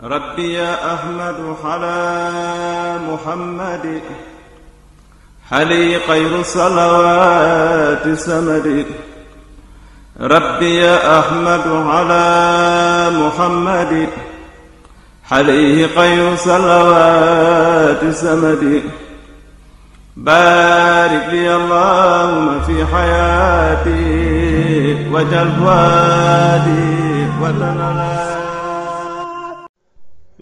ربي أحمد على محمد حلي خير الصلوات سمد ربي أحمد على محمد عليه خير صلوات سمد بارك لي اللهم في حياتي وجل فؤادي وتنالي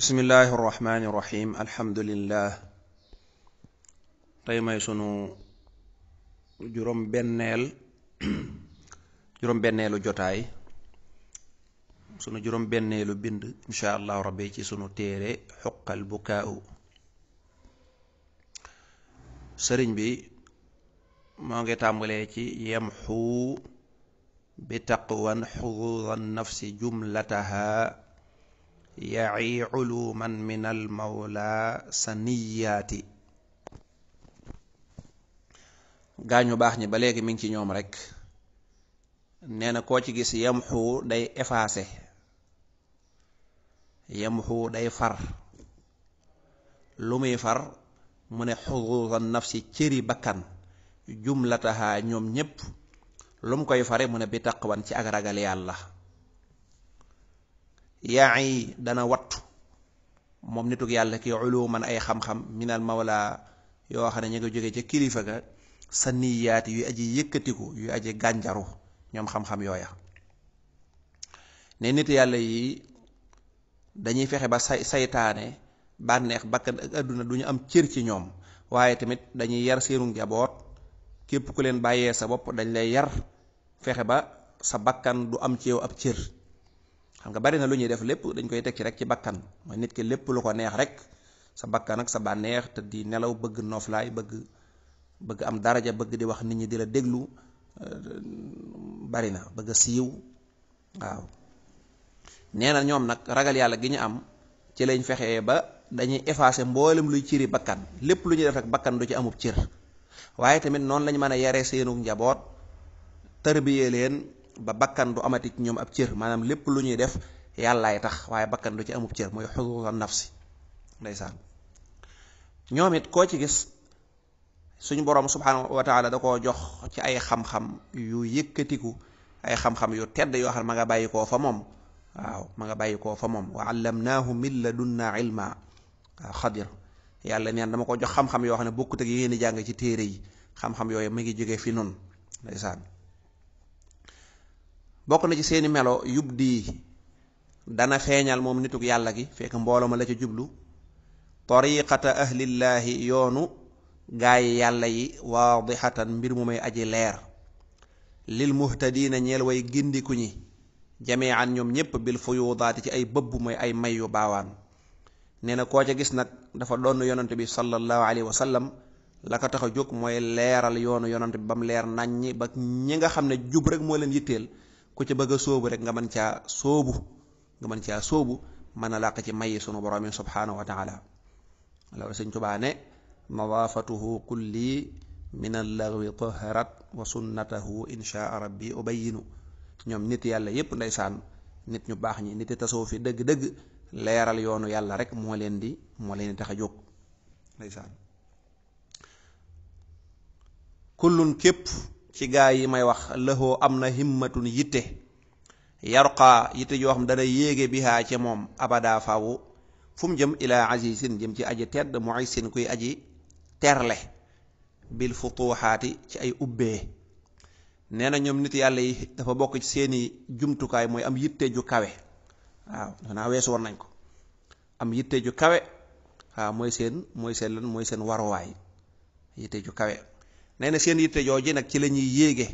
bismillahi irrahmani irrahim alhamdulillah tey may sunu juróom benneel juróom benneelu jotaay sunu juróom benneelu bind insha allahu rabbi ci sunu téere xuqal bukaau sëriñ bi moo ngi tàmbalee ci yamxu bi taqwan xuduran nafsi jumlataha yaci culuman min almawla sa niyaati gaañu baax ñi ba léegi mi ngi ci ñoom rek nee na koo ci gis yamxu day effacé yamxu day far lu muy far mu ne xuduuran nafsi cëri bakkan jumlataha ñoom ñépp lu mu koy fare mu ne bi taq wan ci ak ragal yàlla yaay dana wattu moom nituk yàlla ki uluman ay xam-xam minal mawla yoo xam ne ñu ngi jóge ca kilifa ga sa niyaat yu aji yëkkatiku yu aji gànjaru ñoom xam-xam yooya ne nit yàlla yi dañuy fexe ba say saytaane bànneex bakkan ak àdduna du ñu am cër ci ñoom waaye tamit dañuy yar seenu njaboot képp ku leen bàyyee sa bopp dañ lay yar fexe ba sa bakkan du am ci yow ab cër xam nga bari na lu ñuy def lépp dañ koy tekki rek ci bakkan mooy nit ki lépp lu ko neex rek sa bakkan ak sa bànneex te di nelaw bëgg noflaay bëgg bëgg am daraja bëgg di wax nit ñi di la déglu euh, bari na bëgg a siiw waaw nee na ñoom nag ragal yàlla gi ñu am ci lañ fexe ba dañuy effacer mboolem luy ciri bakkan lépp lu ñuy def rek bakkan du ci amub cir waaye tamit noonu lañ mën a yare seenu njaboot tarbiyee leen ba bakkan du amati ci ñoom ab cër maanaam lépp lu ñuy def yàllaay tax waaye bakkan du ci amub cër mooy xusuusan nafsi ndeysaan ñoom it koo ci gis suñu boroom subhaanahu wa taala da koo jox ci ay xam-xam yu yëkkatiku ay xam-xam yu tedd yoo xam ma nga bàyyi koo fa moom waaw ma nga bàyyi koo fa moom wa allamnaahu min ladunnaa ilma waaw xadir yàlla neen dama ko jox xam-xam yoo xam ne bokkut ak yi ngeen di ci téere yi xam yooyu mu ngi jóge fi nun ndeysaan bokk na ci seeni melo yub dii dana feeñal moom nituk yàlla gi fekk mbooloo ma la ca jublu tariqata ahlillaahi yoonu gaayi yàlla yi waadixatan mbir mu may aji leer lil muhtadiina ñeel way gindiku ñi jamee an ñoom ñépp bil fuyuudaati ci ay bëbb mooy ay may yu baawaan nee na koo ca gis nag dafa doon yonante bi sallallahu alayhi wa sallam la ko tax jóg mooy leeral yoonu yonante bi ba mu leer naññi ba ñi nga xam ne jub rek moo leen yitteel ku ci bëgg a sóobu rek nga mën caa sóobu nga mën caa sóobu mën a làq ci may sunu borom yi subhaanahu wa taala loolu sëñ Tubaa ne nadaafatuhu kulli min allawi taharat wa sunnatahu inshaa rabbi ubayinu ñoom nit yàlla yépp ndeysaan nit ñu baax ñi nit tasoo fi dëgg-dëgg leeral yoonu yàlla rek moo leen di moo leen di tax a jóg ndeysaan kullun képp ci gaa yi may wax lëxoo am na himmatun yitte yarqa yitte joo xam dana yéege bihaa ci moom abada faw fu mu jëm ilaa azizin jëm ci aji tedd muisin kuy aji terle bil futuhaati ci ay ubbee nee na ñoom nit yàlla yi dafa bokk ci seeni jumtukaay mooy am yitte ju kawe waaw nañ ko am yitte ju kawe mooy seen mooy seen lan mooy seen waruwaay yitte ju kawe nee na seen yitte jooji nag ci la ñuy yéege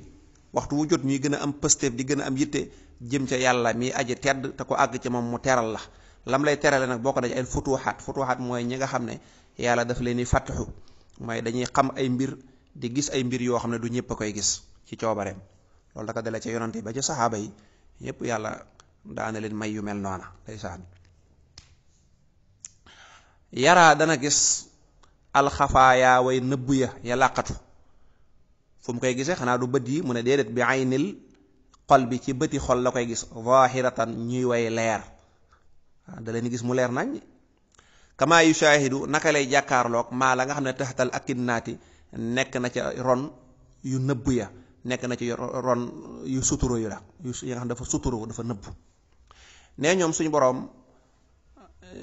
waxtu wu jot ñuy gën a am pësteef di gën a am yitte jëm ca yàlla mi aji tedd te ko àgg ci moom mu teral la lam lay terale nag boo ko daj ay futuxaat futuxaat mooy ñi nga xam ne yàlla daf leen di fàttaxu mooy dañuy xam ay mbir di gis ay mbir yoo xam ne du ñëpp a koy gis ci coobareem loolu da ko dale ca yonante ba ca saxaaba yi ñëpp yàlla daana leen may yu mel noona ndeysaan yaraa dana gis alxafaaya way nëbbu fu mu koy gisee xanaa du bët yi mu ne déedéet bi nil xol bi ci bëti xol la koy gis zahiratan ñuy way leer ah, da leen gis mu leer nañ kama yushahidu naka lay jàkkaarloog maa la nga xam ne taxtal akinnaati nekk na ca ron yu nëbb ya nekk na ci ron yu suturo yu la yu nga xam dafa suturo dafa nëbb ne ñoom suñu boroom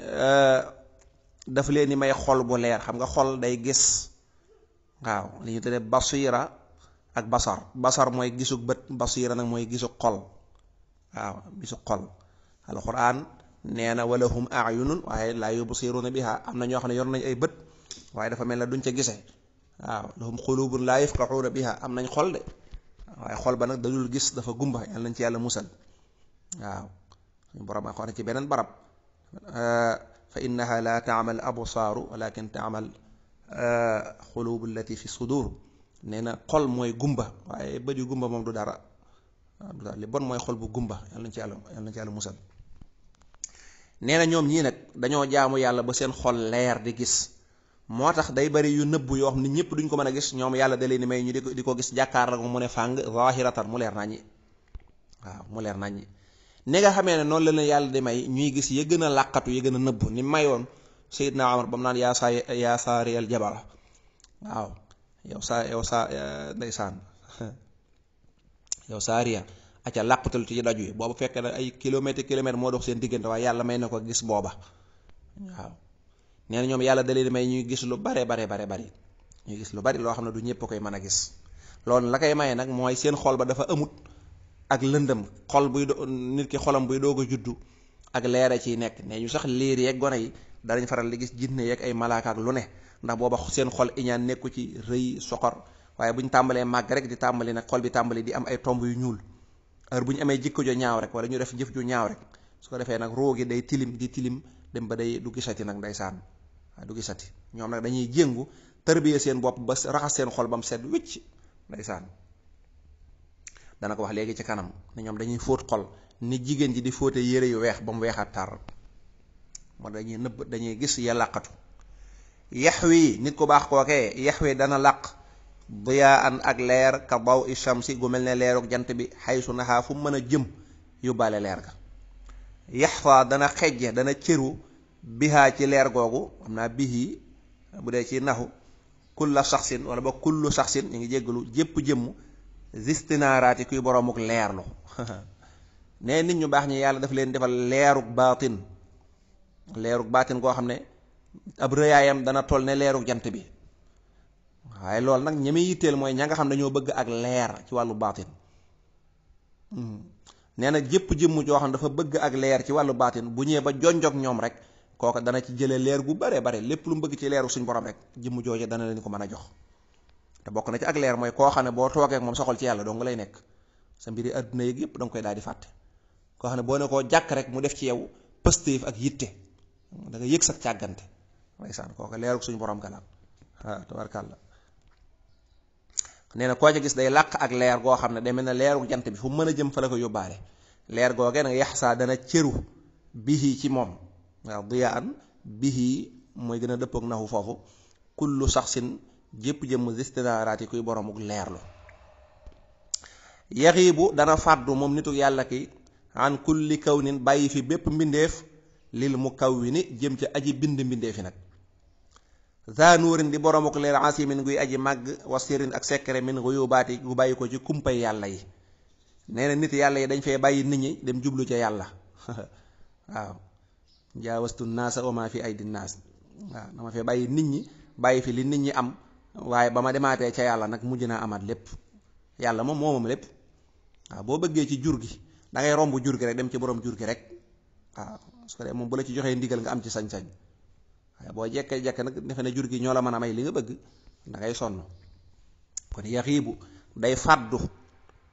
eh, daf leen di may xol bu leer xam nga xol day gis waaw li ñu tuddee ak basar basar mooy gisug bët basira nag mooy gisug xol waaw gisu xol alquran nee na wala hum ayunun waaye laa yubsiruuna biha am na ñoo xam ne yor nañ ay bët waaye dafa mel ne duñ ca gisee waaw lahum xulubun laa bi biha am nañ xol de waaye xol ba nag dañul gis dafa gumba yàlla nañ ci yàlla musal waaw suñu borom a xoone ci beneen barab fa innaha la taamal absaaru walakin taamal xulubu allati fi sudur nee na xol mooy gumba waaye bët yu gumba moom du dara du dara li bon mooy xol bu gumba yàlla na ci yàlla yàlla na ci yàlla musal nee na ñoom ñii nag dañoo jaamu yàlla ba seen xol leer di gis moo tax day bari yu nëbbu yoo xam ne ñëpp duñ ko mën a gis ñoom yàlla de leen di may ñu di ko gis jàkkaarloo mu ne fàng zahiratan mu leer naññi waaw mu leer naññi ne nga xamee ne noonu la leen yàlla di may ñuy gis ya gën a làqatu ya gën a nëbbu ni mayoon Seydina Omar ba mu naan yaa yow saa yow saa eh, ndeysaan yow saariya acca làqutalu ci daju yi boobu fekkee na ay kilomètre kilomètre moo dox seen diggante waaye yàlla may na ko gis booba waaw nee ñoom yàlla da leen may ñuy gis lu bare bare bare bari ñuy gis lu bari loo xam ne du ñëpp koy mën a gis loolu la koy maye nag mooy seen xol ba dafa amut ak lëndëm xol buy do nit ki xolam buy doog juddu ak leera ciy nekk nee ñu sax liir yeeg gone yi danañ faral di gis jinne yeeg ay malaaka lu ne ndax booba seen xol iñaan nekku ci rëy soxor waaye bu ñu tàmbalee màgg rek di tàmbali nag xol bi tàmbali di am ay tomb yu ñuul heure bu ñu amee jikko ju ñaaw rek wala ñu def jëf ju ñaaw rek su ko defee nag roo gi day tilim di tilim dem ba day du gisati nag ndeysaan waaw du gisati ñoom nag dañuy jéngu tërbiye seen bopp ba raxas seen xol ba mu set wicc ndeysaan dana ko wax léegi ci kanam ne ñoom dañuy fóot xol ni jigéen ji di fóote yére yu weex ba mu weexaat tar moo dañuy nëbb dañuy gis ya làqatu yaxwi nit ku baax kookee yaxwi dana làq diyaa an ak leer ka daw i shamsi gu mel ne leeruk jant bi xaysu naxaa fu mën a jëm yóbbaale leer ga yaxfa dana xejje dana cëru bihaa ci leer googu xam naa bihi bu dee ci naxu kulla saxsin wala ba kullu saxsin ñu ngi jéggalu jépp jëmm zistinaaraati kuy boromuk leerlu nee nit ñu baax ñi yàlla daf leen defal leeruk baatin leerug baatin goo xam ne ab rëyaayam dana toll ne leerug jant bi waaye loolu nag ñi muy yitteel mooy ña nga xam ne dañoo bëgg ak leer ci wàllu baatin hmm. nee na jëpp jëmm joo xam ne bëgg ak leer ci wàllu baatin bu ñëwee ba jonjog ñoom rek kooka dana ci jële leer gu bare bare lépp lu mu bëgg ci leeru suñu borom rek jëmm jooje dana leen ko mën a jox te bokk na ci ak leer mooy koo xam ne boo toogee moom soxal ci yàlla dong lay nekk sa mbiri adduna yi yëpp da koy daal di fàtte koo xam ne boo ne koo jàkk rek mu def ci yow pëstéef ak yitte da nga yëg sa càggante ndeysaan kooku leeru suñu borom ga daal waaw tabarkàlla nee koo ci gis day làq ak leer goo xam ne day na ne jant bi fu mën a jëm fa la ko yóbbaale leer googee nag yaxsaa dana cëru bihi ci moom waaw diyaan bihi mooy gën a dëppook naxu foofu kullu saxsin jëpp jëmm istidaraat yi kuy boromuk leerlu yaxiibu dana fàddu moom nitu yàlla ki an kulli kawnin bàyyi fi bépp mbindeef lil mukawwini jëm ci aji bind mbindee fi nag za nuurin di boromuk leer asimin guy aji màgg wasirin ak sekkere min guyubaati gu bàyyi ko ci kumpay yàlla yi nee nit yàlla yi dañ fee bàyyi nit ñi dem jublu ca yàlla waaw naasa fi aydi naas dama fee bàyyi nit ñi bàyyi fi li nit ñi am waaye ba ma demaatee ca yàlla nag mujj naa amaat lépp yàlla moom moomam lépp waaw boo bëggee ci jur gi da ngay romb jur gi rek dem ci borom jur gi rek waaw su ko moom bu la ci joxee ndigal nga am ci sañ-sañ waaye boo jekkee jekk nag defe ne jur gi ñoo la mën a may li nga bëgg da ngay sonn kon yaxiibu day fàddu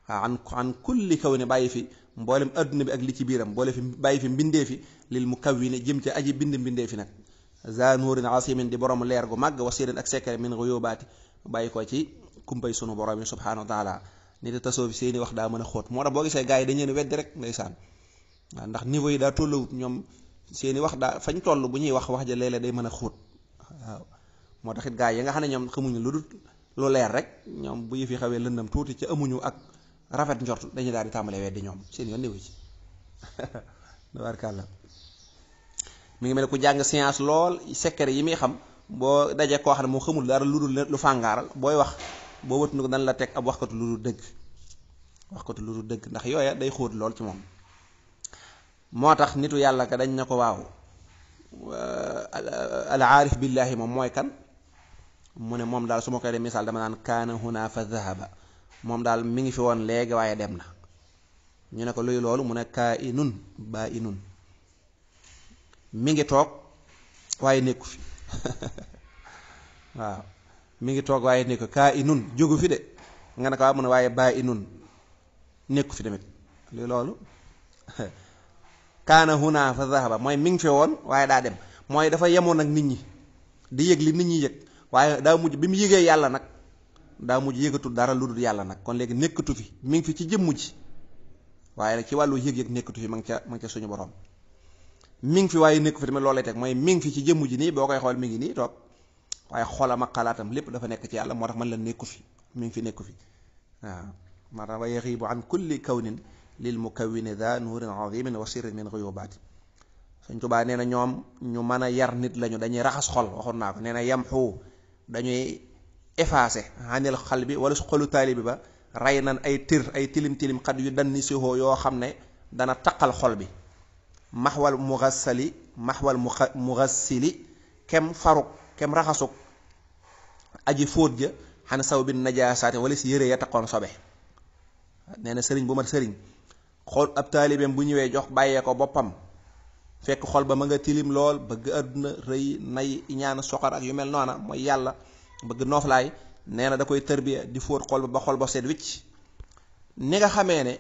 waaw an an kulli kaw ne bàyyi fi mboolem adduna bi ak li ci biiram boole bàyyi fi mbindee fi lil mu kaw yi ne jëm ci aji bind mbindee fi nag zanuurin asimin di borom leer gu wax wasirin ak sekkare min ruyubaati bàyyi ko ci kumpay sunu borom yi subhanahu wa nit a tasoo fi seeni wax daa mën a xóot moo tax boo gisee gars yi dañu leen weddi rek ndeysaan waa ndax niveau yi daa tolluwut ñoom seeni wax daa fañ toll bu ñuy wax wax ja léeg day mën a xóot waaw moo taxit gaa yi nga xam ne ñoom xamuñu lu dul lu leer rek ñoom bu yëf yi xawee lëndam tuuti ci amuñu ak rafet njort dañuy daal di tàmbalee weddi ñoom seen yoon néew ci tabaarkàlla mu ngi mel ne ku jàng science lool secret yi muy xam boo dajee koo xam ne moo xamul dara lu dul lu fàngaaral booy wax boo wëtnu ko dan la teg ab waxkatu lu dul dëgg waxkatu lu dul dëgg ndax yooya day xóot lool ci moom moo tax nitu yàlla ka dañ ne ko waaw euh, al aarif billahi moom mooy kan mu ne moom daal su ma koy def misaal dama naan kaana huna fa dhahaba moom daal mi ngi fi woon léegi waaye dem na ñu ne ko luy loolu mu ne kaa inun baa inun mi ngi toog waaye nekku fi waaw mi ngi toog waaye nekku kaa inun jógu fi de nga ne ko waaw mu ne waaye baa inun nekku fi tamit luy loolu kaana huna fa zahaba mooy mi ngi fi woon waaye daa dem mooy dafa yemoon ak nit ñi di yëg li nit ñi yëg waaye daa mujj bi mu yëgee yàlla nag daa mujj yëgatul dara lu dul yàlla nag kon léegi nekkatu fi mi ngi fi ci jëmm ji waaye ci wàllu yëg-yëg nekkatu fi ma ngi ca ma ngi ca suñu borom mi ngi fi waaye nekku fi tamit loolay teg mooy mi ngi fi ci jëmm ji nii boo koy xool mi ngi nii toog waaye xoolam ak xalaatam lépp dafa nekk ci yàlla moo tax man la nekku fi mi ngi fi nekku fi waaw maanaam wa lil mukawwini daa nuurin azimin wa sirrin min ghuyubaati Sëñ Tuubaa nee na ñoom ñu mën a yar nit lañu dañuy raxas xol waxoon naa ko nee na yamxu dañuy effacé xanil xal bi wala su xolu taalibi ba rey nan ay tir ay tilim tilim xat yu dan ni sihoo yoo xam ne dana taqal xol bi maxwal mugassali maxwal mugassili kem faruk kem raxasuk aji fóot ja xan saw bi najaasaati wala si yëre ya taqoon sobe nee na sëriñ bu mat sëriñ xool ab taalibeem bu ñëwee jox bàyyee ko boppam fekk xol ba ma nga tilim lool bëgg àdduna rëy nay ñaan soxor ak yu mel noona mooy yàlla bëgg nooflaay nee na da koy tërbiya di fóot xol ba ba xol ba seet wicc ni nga xamee ne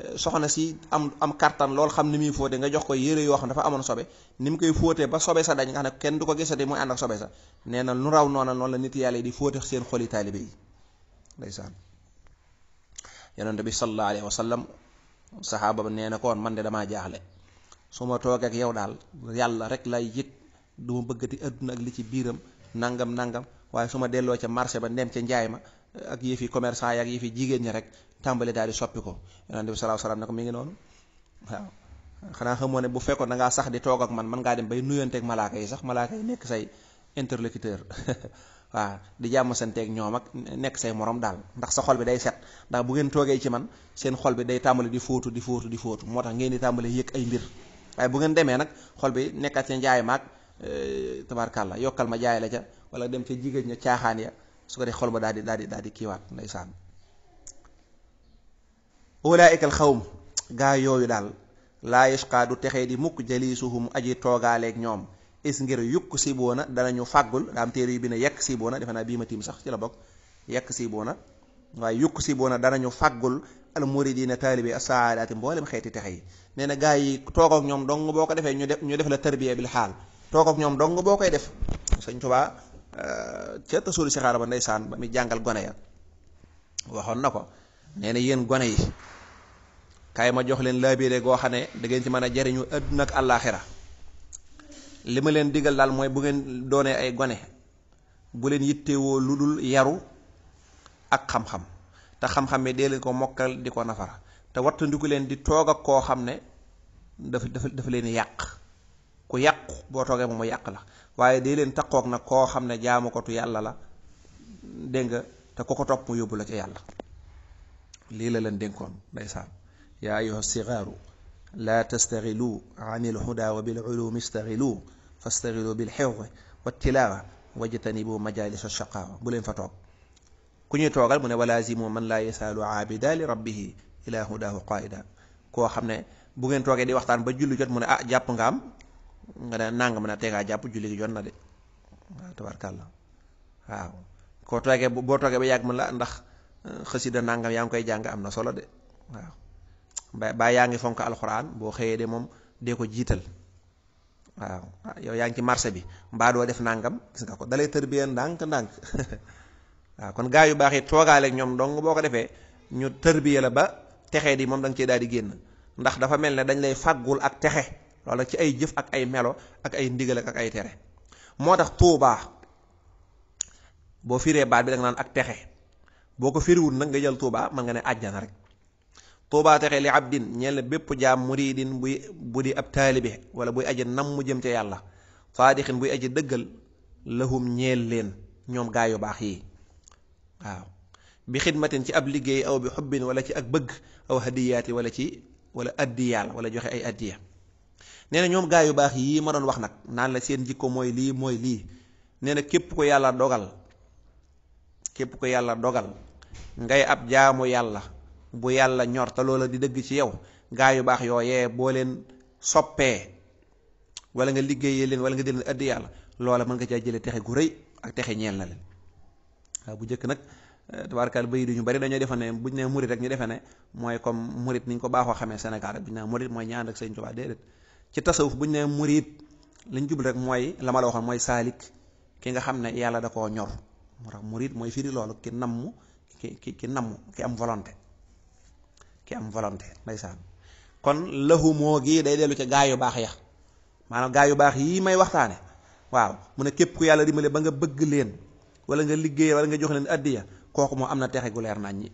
eh, soxna si am am kartan lool xam ni muy fóote nga jox ko yére yoo xam dafa amoon sobe ni mu koy fóotee ba sobe sa dañ nga xam ne kenn du ko gisati muy ànd ak sobe sa nee na nu raw noona noon la nit yàlla yi di fóote seen xoli taalibe yi ndeysaan yonent bi sallallahu alayhi saxaaba ba nee na koon man de damaa jaaxle su ma toogee ak yow daal yàlla rek lay yëg du ma bëggati àdduna ak li ci biiram nangam nangam waaye su ma delloo ca marché ba ndem ca njaay ma ak yëfi commerçant yi ak yëfi jigéen ñi rek tàmbali daal di soppi ko yonent bi sallallahu alayhi mi ngi noonu waaw xanaa xamoo ne bu fekkoon da ngaa sax di toog ak man mën ngaa dem bay nuyanteek malaaka yi sax malaaka yi nekk say interlocuteur waaw di jàmm santeeg ñoom ak nekk say morom daal ndax sa xol bi day set ndax bu ngeen toogee ci man seen xol bi day tàmbali di fóotu di fóotu di fóotu moo tax ngeen di tàmbali yëg ay mbir waaye bu ngeen demee nag xol bi nekkaat ca njaay maag eh, tabarkàlla yokkal ma jaay la ca wala dem ca jigéen ña caaxaan ya su ko dee xol ba daal di daal di daal di kiiwaat ndeysaan ulaaika al gaa yooyu daal laa yashqaa du texee di mukk jaliisuhum aji toogaaleeg ñoom is ngir yukk siboona danañu fàggul daa am téere yu bi ne yekk siboona defe naa bii ma tiim sax ci la bokk yekk siboona waaye yukk dana danañu fàggul al muridina taalibi asaadaati mboolem xeeti texe yi nee na gaa yi toogook ak ñoom dong boo ko defee ñu def ñu def la tarbiya bil xaal toog ak ñoom dong boo koy def sëñ Tuubaa euh, ca tasulu si xaar ba saan ba muy jàngal gone ya waxoon na ko nee na yéen gone yi kaay ma jox leen laabire goo xam ne da ngeen ci mën a jariñu àdduna ak àllaaxira li ma leen digal daal mooy bu ngeen doonee ay gone bu leen yittewoo lu dul yaru ak xam-xam te xam-xam bi dee leen ko mokkal di ko nafara te wattandiku leen di toog ak koo xam ne dafa dafa dafa leen yàq ku yàqu boo toogee moom mu yàq la waaye dee leen taqoog nag koo xam ne jaamukatu yàlla la dégg nga te ku ko topp mu yóbbu la ca yàlla lii la leen dénkoon ndeysaan yaa ayyuha sigaaru laa tastaxilu an ilhuda wa bilulumi staxilu fastaxilu bilxewqi wattilaawa wajtanibu majalis alshaqaawa bu leen fa toog ku ñuy toogal mu ne walaazimu man laa yasaalu aabida li rabbihi ilaa hudahu qaida koo xam ne bu ngeen toogee di waxtaan ba julli jot mu ne ah jàpp nga am nga ne nangam na tegaa jàpp julli gi jot na de waaw tabarkàllah waaw koo toogee boo toogee ba yàgg mu la ah, ndax euh, xasida nangam yaa ngi koy jàng am na solo de waaw ba yaa ngi fonk alxuraan boo xëyee de moom dee ko jiital waaw ah, yow yaa ngi ci marché bi mbaa doo def nangam gis nga ko dalay tërbiyee ndànk-ndànk waaw kon gaa yu baax yi toogaale ñoom dong boo ko defee ñu tërbiyee la ba texe di moom da nga cee daal di génn ndax dafa mel ne dañ lay fàggul ak texe loolu ci ay jëf ak ay melo ak ay ndigal ak ay tere moo tax tuubaa boo firee baat bi da nga naan ak texe boo ko firiwul nag nga jël tuubaa mën nga ne àjjana rek tuubaa texe li abdin ñeel na bépp jaam muridin buy bu di ab taalibe wala buy aji nam mu jëm ca yàlla saadixin buy aji dëggal lahum ñeel leen ñoom gaa yu baax yi waaw bi xidmatin ci ab liggéey aw bi xubbin wala ci ak bëgg aw hadiyaati wala ci wala addiyaal wala joxe ay addiya nee na ñoom gaa yu baax yi ma doon wax nag naan la seen jikko mooy lii mooy lii nee na képp ko yàlla dogal képp ko yàlla dogal ngay ab jaamu yàlla bu yàlla ñor te loola di dëgg ci yow gaa yu baax yooyee boo leen soppee walla nga liggéeyee leen wala nga di leen addi yàlla loola mën nga caa jëlee texe gu rëy ak texe ñeel na leen waaw bu njëkk nag eh, tabarkaal bayit yu ñu bari dañoo defe ne bu ñu nee murit rek ñu defe ne mooy comme murit niñ ko baaxoo xamee Sénégal rek bu ñu nee murit mooy ñaan ak Sëñ Tuubaa déedéet ci tasawuf bu ñu nee murit liñ jublu rek mooy la ma la waxoon mooy saalik ki nga xam ne yàlla da koo ñor moo tax murit mooy firi loolu ki namm ki ki ki namm am volonté ki am volonté ndeysaan kon lahumoo gi day dellu ca gaa yu baax ya maanaam gaa yu baax yii may waxtaane waaw mu ne képp ku yàlla dimbale ba nga bëgg leen wala nga liggéey wala nga jox leen addiya kooku moo am na texe gu leer naññi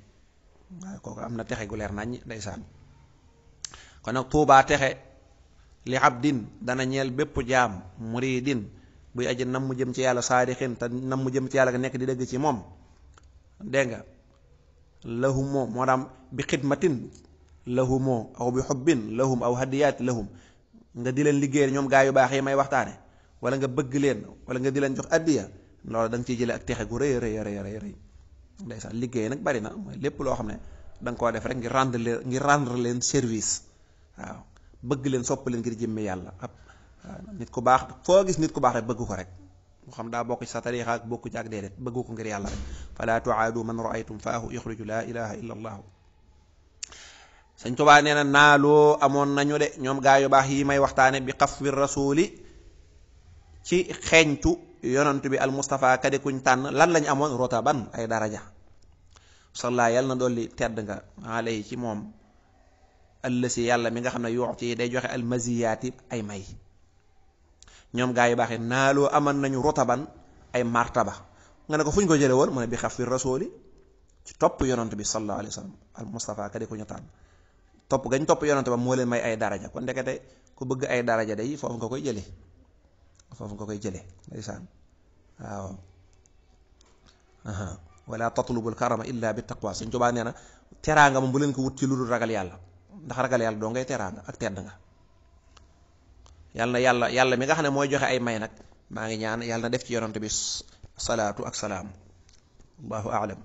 am na texe gu leer naññi ndeysaan kon nag tuubaa texe li abdin dana ñeel bépp jaam muridin buy aji nam mu jëm ci yàlla saadixin te nam mu jëm ci yàlla nga nekk di dëgg ci moom dégg lahumoo moo daam bi xidmatin lahumoo aw bi xubbin lahum aw hadiyaat lahum nga di leen liggéeyal ñoom gaa yu baax yi may waxtaane wala nga bëgg leen wala nga di leen jox addiya loolu da nga ciy jëlee ak texe gu rëy rëy rëy rëy ndeysaan liggéey nag bari na mooy lépp loo xam ne danga nga koo def rek ngir rend leen ngir rendre leen service waaw bëgg leen sopp leen ngir jëmme yàlla ab nit ku baax foo gis nit ku baax rek bëgg ko rek mu xam daa bokk ci sa tariixa ak bokku ci ak ko ngir yàlla rek fala tuaadu man raaytum faahu yuxriju laa ilaha sëñ Tuubaa nee na naaloo amoon nañu de ñoom gaa yu baax yi may waxtaane bi xafwi rasuuli ci xeeñtu yonant bi al Mustafa kadi kuñ tànn lan lañ amoon rotaban ay daraja sallaa yàlla na dolli tedd nga alayhi ci moom ëllësi yàlla mi nga xam ne yoox ci day joxe almasiyaati ay may ñoom gaa yu baax yi naaloo amoon nañu rotaban ay martaba nga ne ko fu ñu ko jële woon mu ne bi xafwi rasuuli ci topp yonant bi sallallahu alayhi wa sallam al Mustafa kadi kuñu tànn topp gañ topp yonante ba moo leen may ay daraja kon ndekete ku bëgg ay daraja day foofu nga koy jëlee foofu nga koy jëlee ndeysaan waaw wala tatlubul karama illa bi taqwa suñ tubaa nee na teraanga moom bu leen ko wut ci lu dul ragal yàlla ndax ragal yàlla doo ngay teraanga ak tedd nga yàlla yàlla yàlla mi nga xam ne mooy joxe ay may nag maa ngi ñaan yàlla def ci yonante bi salaatu ak salaam allahu aalam